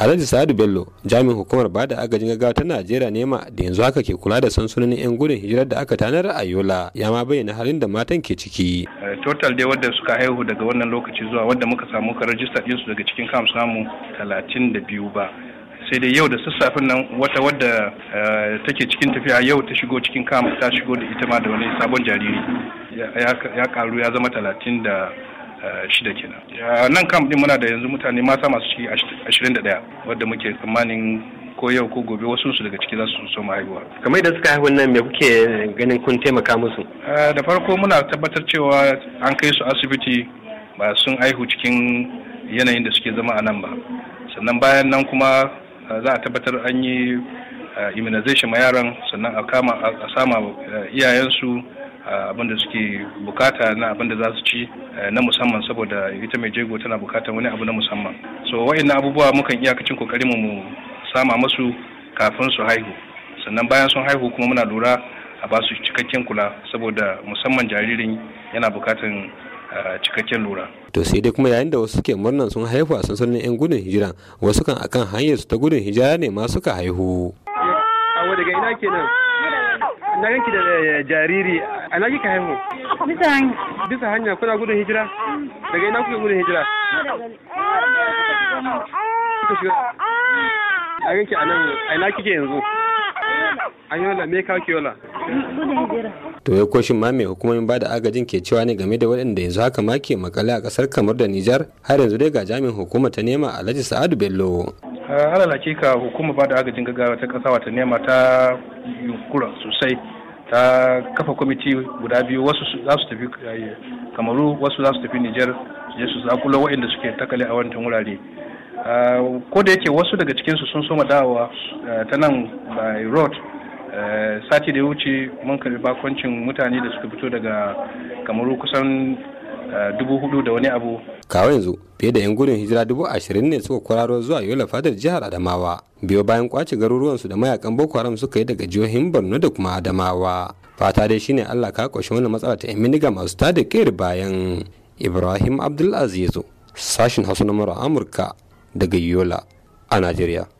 alhaji sadu bello jami'in hukumar bada agajin gaggawa ta najeriya nema da yanzu haka ke kula da sansanonin yan gudun hijirar da aka tanar a yola ya ma bayyana halin da matan ke ciki eh, total dai wadda suka haihu daga wannan lokaci zuwa wadda muka samu ka rajista ɗinsu daga cikin kam samu talatin da biyu ba sai dai yau da sassafen nan wata wadda eh, take cikin tafiya yau ta shigo cikin kam ta shigo da ita ma da wani sabon jariri ya karu ya zama talatin da Eh, shida kenan nan kam din muna da yanzu mutane mata masu ciki ashirin da ɗaya wadda muke tsammanin ko yau ko gobe wasu su daga ciki za su so haihuwa kamar yadda suka haihu nan me kuke ganin kun taimaka musu eh, da farko muna tabbatar cewa an kai su asibiti ba sun haihu cikin yanayin da suke zama a nan ba sannan bayan nan kuma eh, za a tabbatar an yi immunization ma yaran sannan a kama a sama iyayensu abin da suke bukata na abin da za su ci eh, na musamman saboda ita mai jego tana bukatar wani abu na musamman so na abubuwa mukan iyakacin kokarin mu sama masu kafin su haihu sannan bayan sun haihu kuma muna lura a ba su cikakken kula saboda musamman jaririn yana bukatan eh, cikakken lura. To sai dai kuma yayin da wasu suke murnan sun haihu a sansanin 'yan gudun hijira wasu kan akan hanyar su ta gudun hijira ne ma suka haihu. daga ina kenan? Na yanki da eh, jariri A na kika haihu? Bisa hanya. Bisa hanya kuna gudun hijira? Daga ina kuke gudun hijira? A yanki a nan a ina kike yanzu? A yola me ka ki yola? To ya koshin ma mai hukumomin da agajin ke cewa ne game da waɗanda yanzu haka ma ke makale a ƙasar kamar da Nijar har yanzu dai ga jami'in hukuma ta nema Alhaji Sa'adu Bello. Ah, Alal hakika hukuma bada agajin gaggawa ta ƙasa wata nema ta yunkura sosai ta kafa kwamiti guda biyu wasu za su tafi eh, kamaru wasu za su tafi nijar je su zakula waɗanda suke takale a wancan wurare ah, ko da yake wasu daga cikinsu sun soma dawowa eh, ta nan by road eh, sati da ya wuce mun karbi bakoncin mutane da suka fito daga kamaru kusan dubu hudu da wani abu kawo yanzu fiye da yan gudun hijira dubu ashirin ne suka kwararo zuwa yola fadar jihar adamawa biyo bayan kwace garuruwansu da mayakan boko haram suka yi daga jihohin borno da kuma adamawa fata dai shine allah ka kwashe wannan matsala ta yan miniga masu tada kayar bayan ibrahim abdulaziz sashin hausa na amurka daga yola a najeriya